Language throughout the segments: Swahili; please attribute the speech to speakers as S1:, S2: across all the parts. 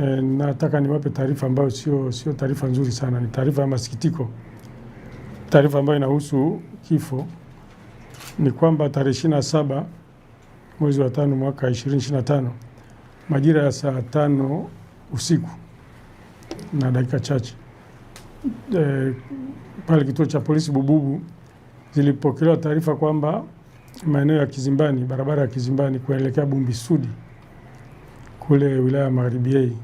S1: Eh, nataka niwape taarifa ambayo sio sio taarifa nzuri sana, ni taarifa ya masikitiko, taarifa ambayo inahusu kifo. Ni kwamba tarehe ishirini na saba mwezi wa tano mwaka 2025 majira ya saa tano usiku na dakika chache e, pale kituo cha polisi Bububu zilipokelewa taarifa kwamba maeneo ya Kizimbani, barabara ya Kizimbani kuelekea Bumbi Sudi kule wilaya ya Magharibi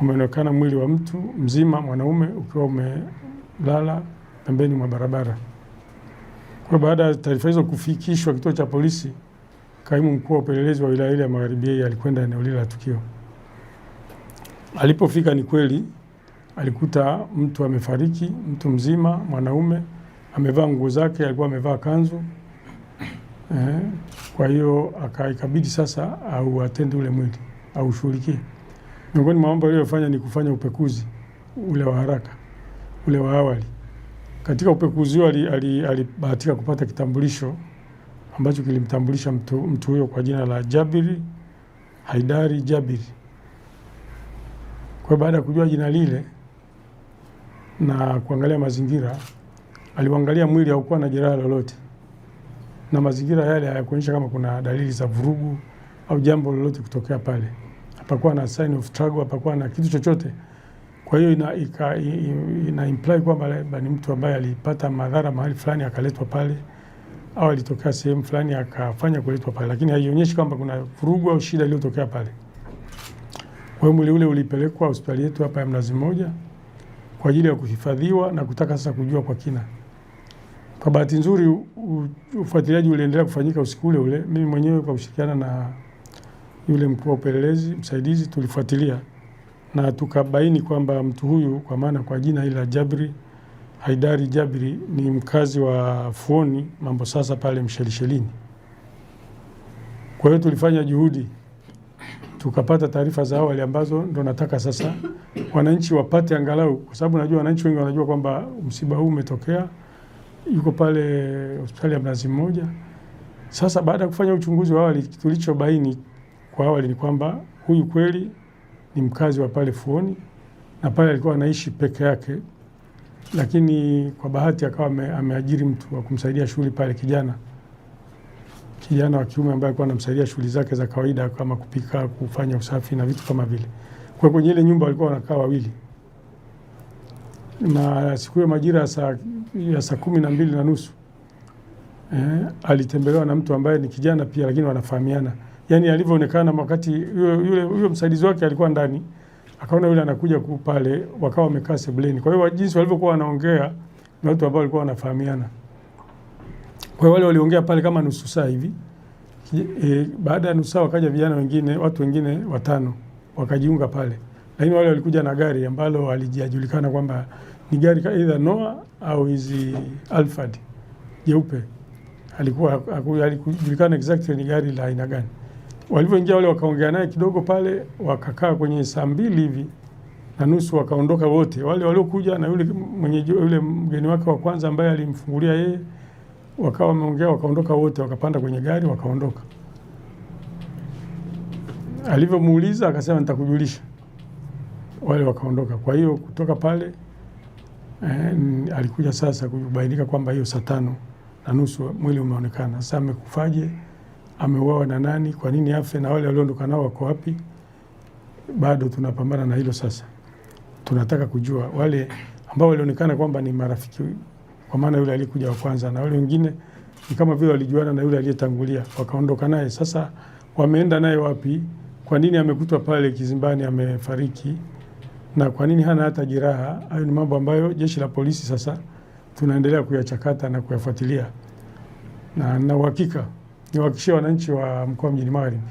S1: umeonekana mwili wa mtu mzima mwanaume ukiwa umelala pembeni mwa barabara. Kwa baada ya taarifa hizo kufikishwa kituo cha polisi, kaimu mkuu wa upelelezi wa wilaya ile ya Magharibi alikwenda eneo lile la tukio. Alipofika ni kweli alikuta mtu amefariki, mtu mzima mwanaume, amevaa nguo zake, alikuwa amevaa kanzu eh. Kwa hiyo akaikabidi sasa au atende ule mwili au ushughulikie. Miongoni mwa mambo aliyofanya ni kufanya upekuzi ule wa haraka, ule wa awali. Katika upekuzi huo alibahatika kupata kitambulisho ambacho kilimtambulisha mtu, mtu huyo kwa jina la Jabiri Haidari Jabiri. Kwa baada ya kujua jina lile na kuangalia mazingira, aliangalia mwili haukuwa na jeraha lolote, na mazingira yale hayakuonyesha kama kuna dalili za vurugu au jambo lolote kutokea pale hapakuwa na sign of struggle, hapakuwa na kitu chochote. Kwa hiyo ina, ina, ina imply kwamba labda ni mtu ambaye alipata madhara mahali fulani akaletwa pale au alitokea sehemu fulani akafanya kuletwa pale, lakini haionyeshi kwamba kuna vurugu au shida iliyotokea pale. Kwa hiyo mwili ule ulipelekwa hospitali yetu hapa ya Mnazi Mmoja kwa ajili ya kuhifadhiwa na kutaka sasa kujua kwa kina. Kwa bahati nzuri, ufuatiliaji uliendelea kufanyika usiku ule ule, mimi mwenyewe kwa kushirikiana na yule mkuu wa upelelezi msaidizi, tulifuatilia na tukabaini kwamba mtu huyu kwa maana kwa jina hili la Jabri Haidari jabri ni mkazi wa Fuoni mambo sasa pale Mshelishelini. Kwa hiyo tulifanya juhudi tukapata taarifa za awali ambazo ndo nataka sasa wananchi wapate angalau, kwa sababu najua wananchi wengi wanajua kwamba msiba huu umetokea, yuko pale hospitali ya Mnazi Mmoja. Sasa baada ya kufanya uchunguzi wa awali, tulichobaini kwa awali ni kwamba huyu kweli ni mkazi wa pale Fuoni na pale alikuwa anaishi peke yake, lakini kwa bahati akawa ameajiri mtu wa kumsaidia shughuli pale, kijana kijana wa kiume ambaye alikuwa anamsaidia shughuli zake za kawaida kama kupika, kufanya usafi na vitu kama vile. Kwa kwenye ile nyumba walikuwa wanakaa wawili, na siku hiyo majira ya saa kumi na mbili na nusu eh, alitembelewa na mtu ambaye ni kijana pia, lakini wanafahamiana yani alivyoonekana wakati yule yule msaidizi wake alikuwa ndani, akaona yule anakuja pale, wakawa wamekaa sebuleni. Kwa hiyo jinsi walivyokuwa wanaongea na watu ambao walikuwa wanafahamiana. Kwa hiyo wale waliongea pale kama nusu saa hivi e, baada ya nusu saa wakaja vijana wengine, watu wengine watano wakajiunga pale, lakini wale walikuja na gari ambalo alijajulikana kwamba ni gari either Noah au hizi Alphard jeupe, alikuwa alikujulikana exactly ni gari la aina gani. Walivyoingia wale wakaongea naye kidogo pale, wakakaa kwenye saa mbili hivi na nusu, wakaondoka wote wale waliokuja na yule mwenyeji, yule mgeni wake wa kwanza ambaye alimfungulia yeye, wakawa wameongea, wakaondoka wote, wakapanda kwenye gari wakaondoka. Alivyomuuliza akasema nitakujulisha, wale wakaondoka. Kwa hiyo kutoka pale eh, alikuja sasa kubainika kwamba hiyo saa tano na nusu mwili umeonekana. Sasa amekufaje? ameuawa na nani, kwa nini afe, na wale walioondoka nao wako wapi? Bado tunapambana na hilo. Sasa tunataka kujua wale ambao walionekana kwamba ni marafiki, kwa maana yule aliyekuja wa kwanza na wale wengine ni kama vile walijuana na yule aliyetangulia wakaondoka naye. Sasa wameenda naye wapi? Kwa nini amekutwa pale kizimbani amefariki, na kwa nini hana hata jeraha? Hayo ni mambo ambayo jeshi la polisi sasa tunaendelea kuyachakata na kuyafuatilia, na na uhakika niwahakikishie wananchi wa mkoa Mjini Magharibi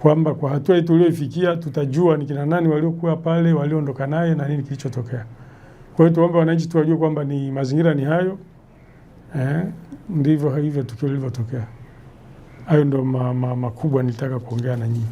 S1: kwamba kwa hatua hii tulioifikia, tutajua ni kina nani waliokuwa pale, walioondoka naye na nini kilichotokea. Kwa hiyo tuombe wananchi tuwajue kwamba ni mazingira ni hayo eh, ndivyo hivyo tukio lilivyotokea. Hayo ndo makubwa ma, ma nilitaka kuongea na nyinyi.